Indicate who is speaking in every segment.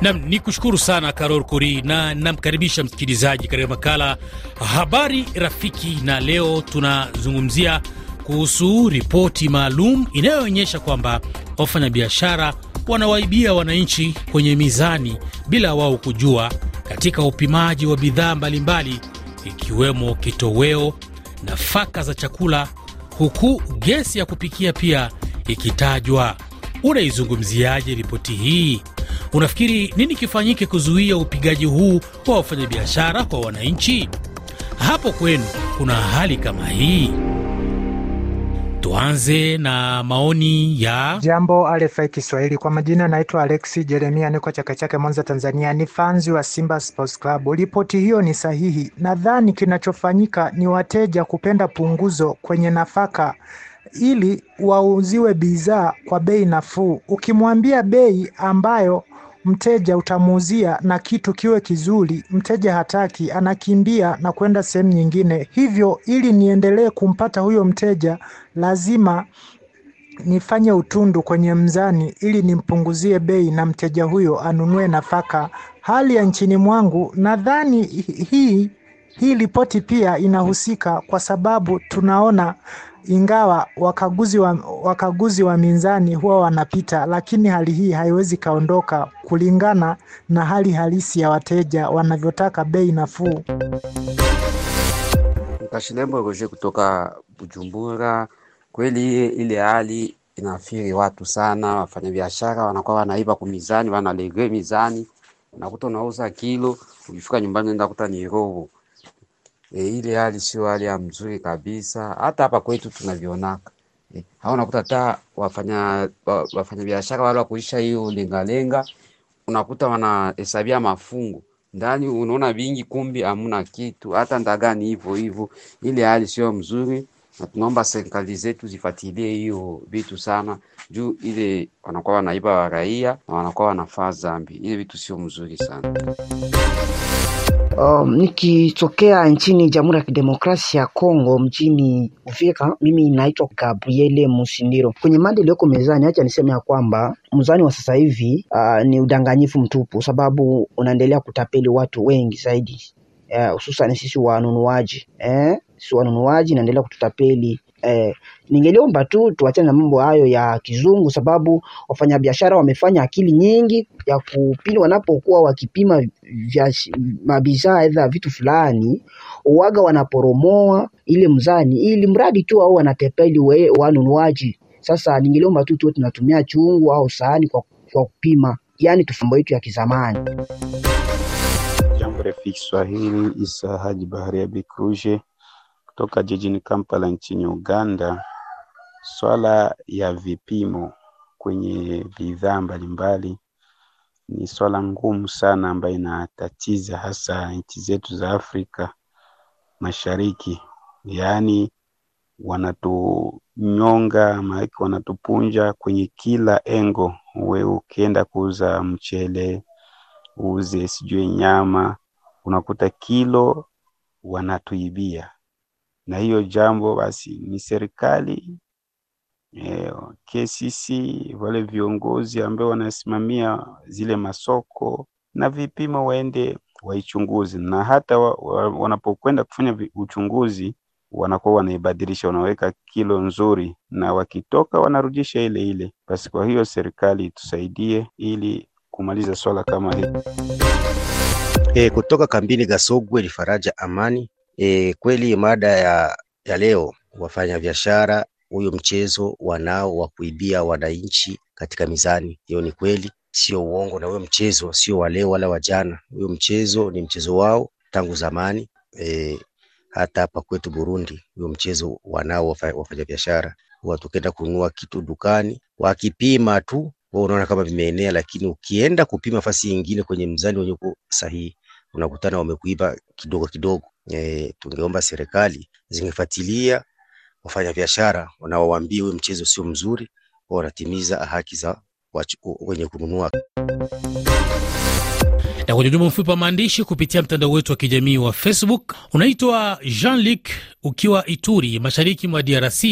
Speaker 1: Nam ni kushukuru sana Karol Kori na namkaribisha msikilizaji katika makala Habari Rafiki, na leo tunazungumzia kuhusu ripoti maalum inayoonyesha kwamba wafanyabiashara wanawaibia wananchi kwenye mizani bila wao kujua, katika upimaji wa bidhaa mbalimbali ikiwemo kitoweo, nafaka za chakula, huku gesi ya kupikia pia ikitajwa. Unaizungumziaje ripoti hii? Unafikiri nini kifanyike kuzuia upigaji huu wa wafanyabiashara kwa wananchi? Hapo kwenu kuna hali kama hii? Tuanze na maoni ya jambo
Speaker 2: RFI Kiswahili. Kwa majina naitwa Alexi Jeremia, niko Chake Chake, Mwanza, Tanzania. Ni fanzi wa Simba Sports Club. Ripoti hiyo ni sahihi. Nadhani kinachofanyika ni wateja kupenda punguzo kwenye nafaka ili wauziwe bidhaa kwa bei nafuu. Ukimwambia bei ambayo mteja utamuuzia na kitu kiwe kizuri, mteja hataki, anakimbia na kwenda sehemu nyingine. Hivyo ili niendelee kumpata huyo mteja, lazima nifanye utundu kwenye mzani ili nimpunguzie bei na mteja huyo anunue nafaka. Hali ya nchini mwangu nadhani hii hii ripoti pia inahusika kwa sababu tunaona ingawa wakaguzi wa, wakaguzi wa mizani huwa wanapita, lakini hali hii haiwezi kaondoka kulingana na hali halisi ya wateja wanavyotaka bei nafuu. Kashilembo Roje
Speaker 3: kutoka Bujumbura. Kweli ile hali inaathiri watu sana, wafanyabiashara wanakuwa wanaiba kumizani, wanalegee mizani, unakuta unauza kilo, ukifika nyumbani unaenda kuta ni robo E, ile hali sio hali ya mzuri kabisa. Hata hapa kwetu tunavionaka e, hao unakuta hata wafanya biashara wale wakuisha hiyo lengalenga, unakuta wanahesabia mafungu ndani, unaona vingi, kumbi amuna kitu hata ndagani, hivyo hivyo. Ile hali sio mzuri, na tunaomba serikali zetu zifuatilie hiyo vitu sana, juu ile wanakuwa wanaiba raia na wanakuwa wanafaa zambi. Ile vitu sio mzuri sana.
Speaker 4: Um, nikitokea nchini Jamhuri ya Kidemokrasia ya Kongo mjini Uvira, mimi naitwa Gabriele Musindiro. Kwenye mada iliyoko mezani, acha niseme ya kwamba mzani wa sasa hivi uh, ni udanganyifu mtupu, sababu unaendelea kutapeli watu wengi zaidi eh, hususan uh, sisi wanunuaji eh? Sisi wanunuaji naendelea kututapeli eh, ningeliomba tu tuachane na mambo hayo ya kizungu, sababu wafanyabiashara wamefanya akili nyingi ya kupili wanapokuwa wakipima mabidhaa aidha vitu fulani uwaga wanaporomoa ile mzani, ili mradi tu au wanatepeli wanunuaji. Sasa ningeliomba tu tuwe tunatumia chungu au sahani kwa, kwa kupima, yani tufumbo yetu ya kizamani.
Speaker 3: Jambo refi Kiswahili, Isa Haji Bahari ya Bikruje toka jijini Kampala nchini Uganda, swala ya vipimo kwenye bidhaa mbalimbali ni swala ngumu sana ambayo inatatiza hasa nchi zetu za Afrika Mashariki, yaani wanatunyonga ama wanatupunja kwenye kila engo. Wewe ukienda kuuza mchele, uuze sijui nyama, unakuta kilo wanatuibia na hiyo jambo basi ni serikali eh, KCC wale viongozi ambao wanasimamia zile masoko na vipimo waende waichunguzi, na hata wa, wa, wanapokwenda kufanya uchunguzi wanakuwa wanaibadilisha, wanaweka kilo nzuri, na wakitoka wanarudisha ile ile. Basi kwa hiyo serikali itusaidie ili kumaliza swala kama hili.
Speaker 2: Hey, eh, kutoka kambini Gasogwe ni Faraja Amani E, kweli mada ya, ya leo wafanya biashara huyo mchezo wanao wa kuibia wananchi katika mizani. Hiyo ni kweli, sio uongo, na huyo mchezo sio wa leo wala wa jana. Huyo mchezo ni mchezo wao tangu zamani. E, hata hapa kwetu Burundi huyo mchezo wanao wafanya biashara Huwa tukenda kununua kitu dukani, wakipima tu wao unaona kama vimeenea, lakini ukienda kupima fasi nyingine kwenye mzani wenye uko sahihi unakutana wamekuiba kidogo kidogo. E, tungeomba serikali zingefuatilia wafanyabiashara wanaowaambia huyu mchezo sio mzuri, wanatimiza haki za wenye kununua.
Speaker 1: Na kwenye ujumbe mfupi wa maandishi kupitia mtandao wetu wa kijamii wa Facebook, unaitwa Jean Luc ukiwa Ituri, mashariki mwa DRC.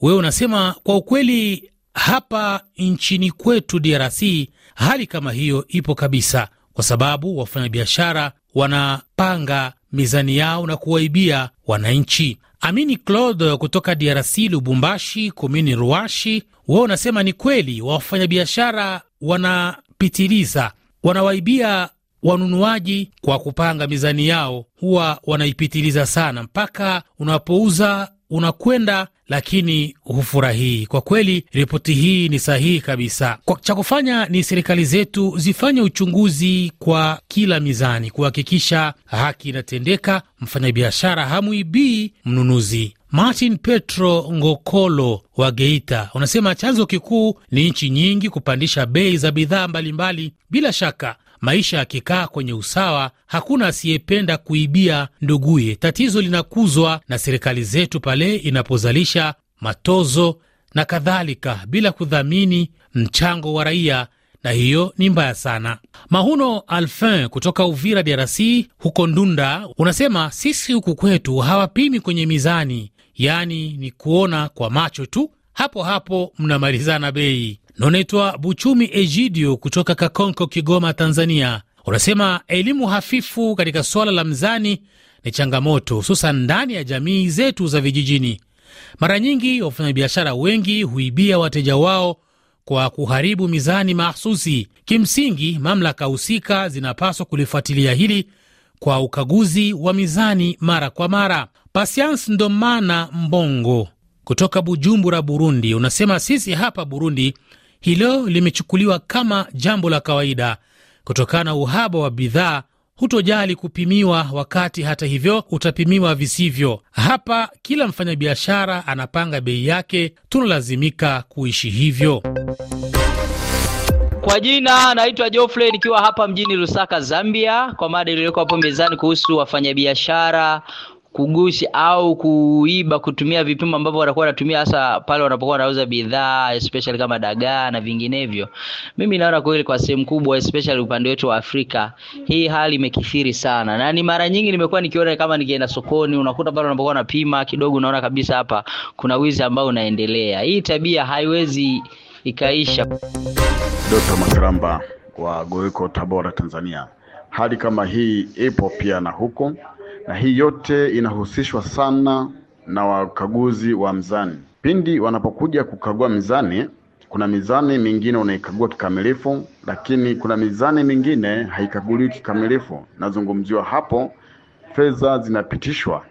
Speaker 1: Wewe unasema kwa ukweli, hapa nchini kwetu DRC hali kama hiyo ipo kabisa, kwa sababu wafanyabiashara wana kupanga mizani yao na kuwaibia wananchi. Amini Claude kutoka DRC, Lubumbashi, komini Ruashi, wao unasema ni kweli wafanyabiashara wanapitiliza, wanawaibia wanunuaji kwa kupanga mizani yao, huwa wanaipitiliza sana mpaka unapouza unakwenda lakini hufurahii. Kwa kweli ripoti hii ni sahihi kabisa. Cha kufanya ni serikali zetu zifanye uchunguzi kwa kila mizani kuhakikisha haki inatendeka, mfanyabiashara hamwibii mnunuzi. Martin Petro Ngokolo wa Geita unasema chanzo kikuu ni nchi nyingi kupandisha bei za bidhaa mbalimbali. Bila shaka maisha yakikaa kwenye usawa, hakuna asiyependa kuibia nduguye. Tatizo linakuzwa na serikali zetu pale inapozalisha matozo na kadhalika bila kudhamini mchango wa raia, na hiyo ni mbaya sana. Mahuno Alfin kutoka Uvira, DRC, huko Ndunda, unasema sisi huku kwetu hawapimi kwenye mizani, yaani ni kuona kwa macho tu hapo hapo mnamalizana bei. Na Buchumi Egidio kutoka Kakonko, Kigoma, Tanzania. Unasema elimu hafifu katika suala la mzani ni changamoto, hususan ndani ya jamii zetu za vijijini. Mara nyingi wafanyabiashara wengi huibia wateja wao kwa kuharibu mizani mahsusi. Kimsingi, mamlaka husika zinapaswa kulifuatilia hili kwa ukaguzi wa mizani mara kwa mara. Patience Ndomana Mbongo kutoka Bujumbura, Burundi, unasema sisi hapa Burundi hilo limechukuliwa kama jambo la kawaida kutokana na uhaba wa bidhaa. Hutojali kupimiwa, wakati hata hivyo utapimiwa visivyo. Hapa kila mfanyabiashara anapanga bei yake, tunalazimika kuishi hivyo. Kwa
Speaker 4: jina naitwa Geoffrey nikiwa hapa mjini Lusaka, Zambia, kwa mada iliyoko hapo mezani kuhusu wafanyabiashara kugushi au kuiba kutumia vipimo ambavyo wanakuwa wanatumia hasa pale wanapokuwa wanauza bidhaa especially kama dagaa na vinginevyo. Mimi naona kweli kwa sehemu kubwa especially upande wetu wa Afrika hii hali imekithiri sana, na ni mara nyingi nimekuwa nikiona kama nikienda sokoni, unakuta pale wanapokuwa wanapima kidogo, unaona kabisa hapa kuna wizi ambao unaendelea. Hii tabia haiwezi ikaisha. Dr.
Speaker 3: Makaramba wa goiko Tabora, Tanzania, hali kama hii ipo pia na huko na hii yote inahusishwa sana na wakaguzi wa mzani Pindi wanapokuja kukagua mizani, kuna mizani mingine unaikagua kikamilifu, lakini kuna mizani mingine haikaguliwi kikamilifu. Nazungumziwa hapo, fedha zinapitishwa,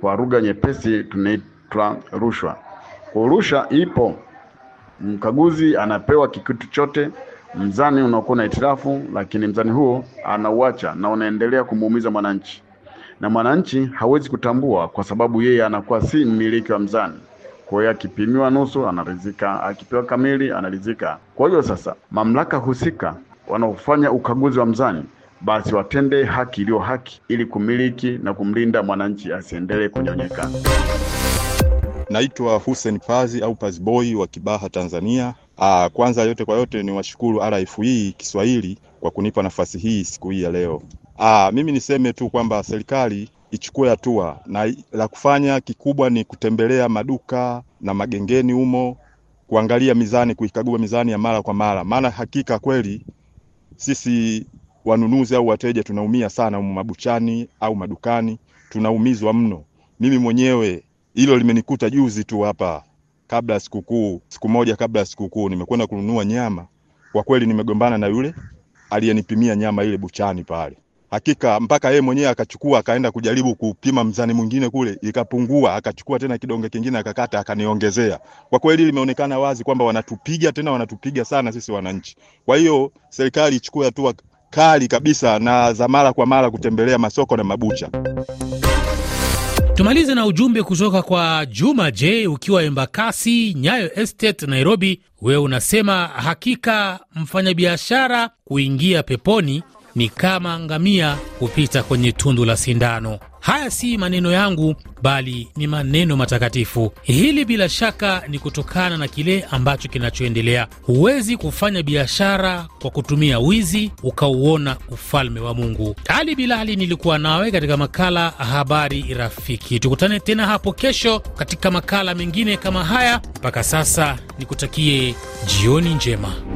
Speaker 3: kwa lugha nyepesi tunaitwa rushwa. Kwa rushwa ipo, mkaguzi anapewa kikitu chote mzani unakuwa na itirafu, lakini mzani huo anauacha na unaendelea kumuumiza mwananchi na mwananchi hawezi kutambua kwa sababu yeye anakuwa si mmiliki wa mzani. Kwa hiyo akipimiwa nusu anaridhika, akipewa kamili anaridhika. Kwa hiyo sasa, mamlaka husika wanaofanya ukaguzi wa mzani basi watende haki iliyo haki ili kumiliki na kumlinda mwananchi asiendelee kunyonyeka.
Speaker 4: Naitwa Hussein Pazi au Pazboy wa Kibaha, Tanzania. Aa, kwanza yote kwa yote ni washukuru RFI e Kiswahili kwa kunipa nafasi hii siku hii ya leo. Aa, ah, mimi niseme tu kwamba serikali ichukue hatua na la kufanya kikubwa ni kutembelea maduka na magengeni humo, kuangalia mizani, kuikagua mizani ya mara kwa mara, maana hakika kweli sisi wanunuzi au wateja tunaumia sana humo mabuchani au madukani, tunaumizwa mno. Mimi mwenyewe hilo limenikuta juzi tu hapa kabla ya sikukuu, siku moja kabla ya sikukuu, nimekwenda kununua nyama. Kwa kweli nimegombana na yule aliyenipimia nyama ile buchani pale. Hakika mpaka yeye mwenyewe akachukua akaenda kujaribu kupima mzani mwingine kule, ikapungua, akachukua tena kidonge kingine akakata akaniongezea. Kwa kweli limeonekana wazi kwamba wanatupiga tena, wanatupiga sana sisi wananchi. Kwa hiyo serikali ichukue hatua kali kabisa na za mara kwa mara kutembelea masoko na mabucha.
Speaker 1: Tumalize na ujumbe kutoka kwa Juma J ukiwa Embakasi, Nyayo Estate, Nairobi. Wewe unasema hakika mfanyabiashara kuingia peponi ni kama ngamia kupita kwenye tundu la sindano. Haya si maneno yangu, bali ni maneno matakatifu. Hili bila shaka ni kutokana na kile ambacho kinachoendelea. Huwezi kufanya biashara kwa kutumia wizi ukauona ufalme wa Mungu. Ali Bilali nilikuwa nawe katika makala Habari Rafiki. Tukutane tena hapo kesho katika makala mengine kama haya. Mpaka sasa nikutakie jioni njema.